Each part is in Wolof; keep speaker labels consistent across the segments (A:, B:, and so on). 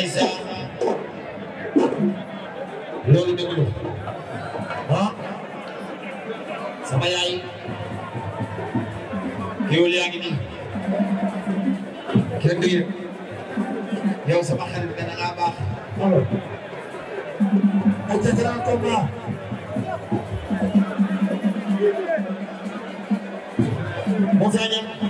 A: day seet loolu dëgg la ah sama yaay géwél yaa ngi nii kenn du yëg yow sama xarit nga da ngaa baax etc comme Moussa Niang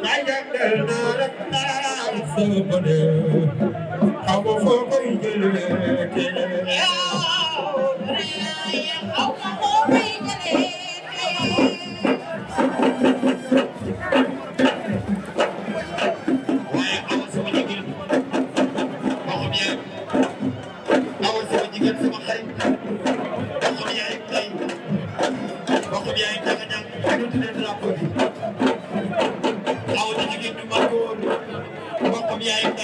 A: How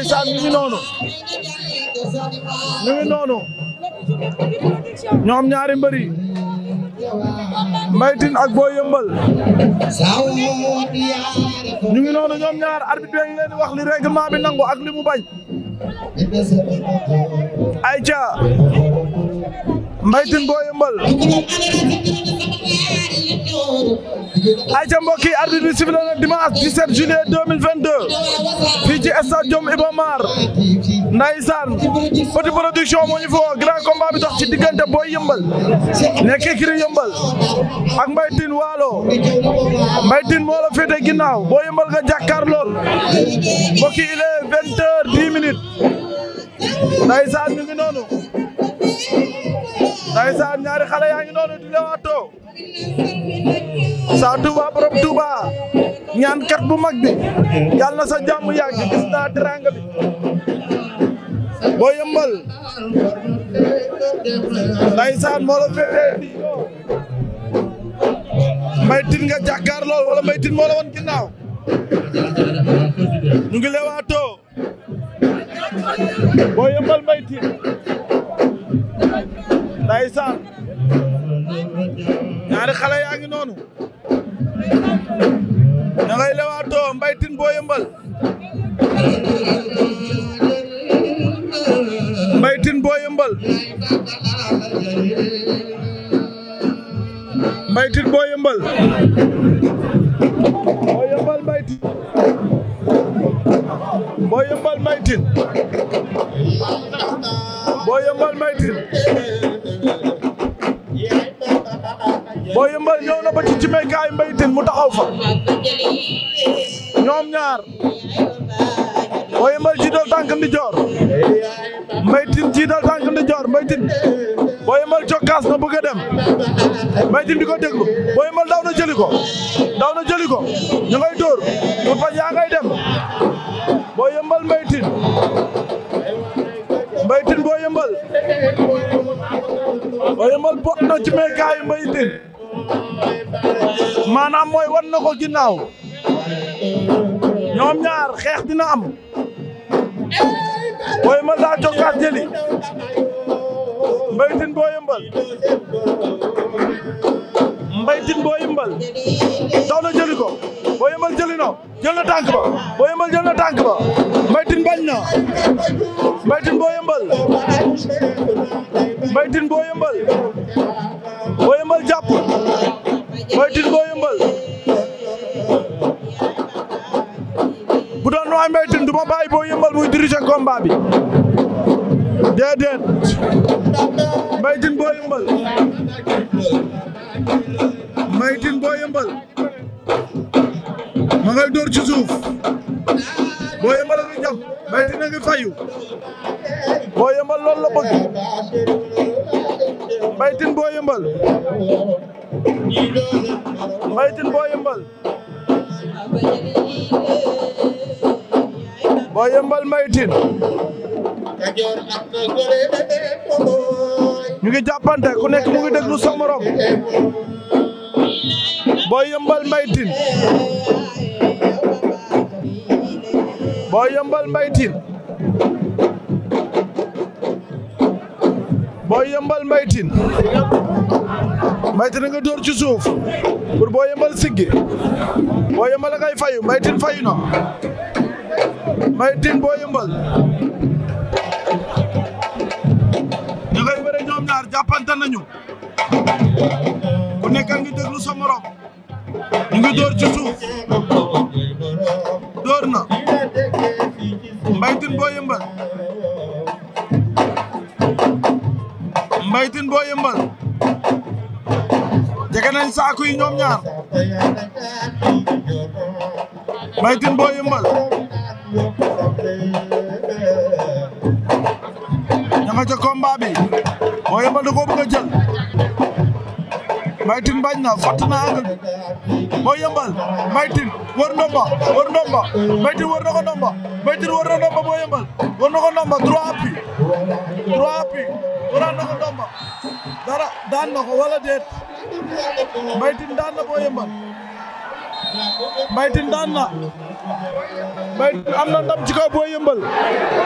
A: ndeysaan ñu ngi noonu ñu ngi noonu ñoom ñaari mbëri Mbaye Tine ak Boy Yeumbeul ñu ngi noonu ñoom ñaar arbitre yi leen di wax li règlement nangu ak li mu bañ ayca Mbaye Tine Boy Yeumbeul ayca mbokk yi arbitre bi sifflé na fii ci stade Iba Mar Ndaysaan Petit Production moo foo grand combat bi dox ci diggante Boy Yeumbeul nekk écurie Yeumbeul ak Mbaye Tine Waalo Mbaye Tine moo la féete ginnaaw Boy Yeumbeul nga jàkkaarlool mbokk yi il est vingt noonu Ndaysaan ñaari xale yaa ngi noonu di lewaatoo saa Touba borom Touba ñaan kat bu mag bi yàlla na sa jàmm yàgg gis naa teranga bi boo yëmbal ndaysaan moo la féete mbay tin nga jàkkaar lool wala mbay tin moo la woon ginnaaw ñu boo yëmbal mbay tin ndaysaan ñaari xale yaa ngi noonu da ngay lewaatoo Mbaye Tine Boy Yeumbeul Mbaye Tine Boy Yeumbeul Mbaye Tine Boy Yeumbeul Boy Yeumbeul Mbaye Tine Boy Yeumbeul Mbaye Tine Boy Yeumbeul Mbaye Tine boo yëmbal ñëw na ba ci cimekaay Mbaye Tine mu taxaw fa ñoom ñaar boo yëmbal jiital tànk joor Mbaye Tine jiital tànk ndi joor Mbaye Tine boo cokkaas na bëgg a dem Mbaye Tine di ko déglu daw na jëli ko daw na jëli fa yaa dem boo yëmbal Mbaye Tine Mbaye Tine boo yëmbal boo yëmbal bot na cimekaayu maanaam mooy wan na ko ginnaaw ñoom ñaar xeex dina am Boy Malda cokkaat jëli Mbaye Tine Boy Yeumbeul Mbaye Tine Boy Yeumbeul ko Boy Yeumbeul jëli na na tànk ba Boy na tànk ba Mbaye Tine na Mbaye Tine Boy Yeumbeul Mbaye Tine Boy Yeumbeul jàpp Boy Tine Boy Yeumbeul bu doon nooy Mbaye Tine du ma bàyyi Boy Yeumbeul muy diriger combat bi déedéet Mbaye Tine Boy Yeumbeul Mbaye Tine Boy Yeumbeul ma ci suuf Boy jàpp Mbaye Tine la bëgg Mbaye Tine Boy Yeumbeul Mbaye Tine Boy Yeumbeul Boy Yeumbeul Mbaye Tine ngi jàppante ku nekk mu ngi déglu sa morom Boy Yeumbeul Mbaye Tine Boy Yeumbeul boo yëmbal mbaytin mbaytin nga dóor ci suuf pour boo yëmbal siggi boo yëmbal fayu mbaytin fayu na mbaytin boo yëmbal ñu ñoom ñaar jàppante nañu ku nekk ngi ngi dóor ci suuf dóor Yékini Boy Yeumbeul jege nañ ñoom ñaar Maytin Boy Yeumbeul ña nga ca combat bi Boy Yeumbeul da koo bëgg a jël Maytin bañ na fatt na angle bi Boy Yeumbeul Maytin war ndomba war ndomba Maytin war na ko ndomba Maytin war na waraat na ko ndomba dara daan na ko wala déet Mbaye Tine daan na Boy Yeumbeul Mbaye daan na Mbaye Tine am na ndam ci kaw